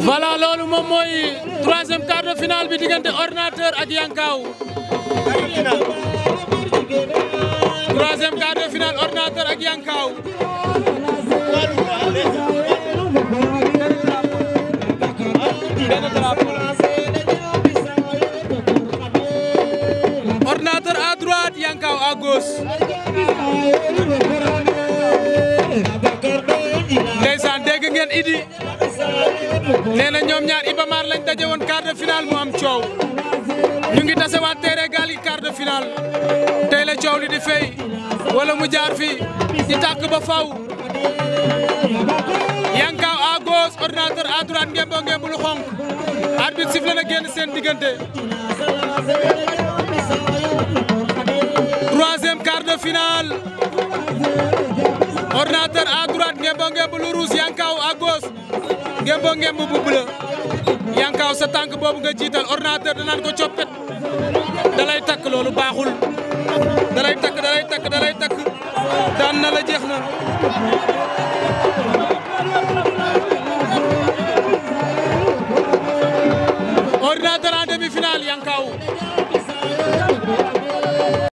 voilà loolu moom mooy troisième quart de finale bi diggante ordinateur ak Yankaw. troisième quart de finale ordinateur ak Yankaw. ordinateur à Yankaw à gauche. ndeysaan ngeen Idi. nee na ñoom ñaar Iba Mar daje woon quart mu am coow ñu ngi tasewaat terrain gaal gi quart tey la coow li di fay wala mu jaar fi di tàkk ba faw Yankaw à gauche ordinateur à droite ngeen boog ngeen bul xonk génn seen diggante. troisième quart ngemboo ngemb bu bleu yankaaw sa tànk boobu nga jiital ordinateur danaan ko coppet dalay takk loolu baaxul dalay takk dalay takk dalay takk na la jeex na ordinateur en demi-finale yankaaw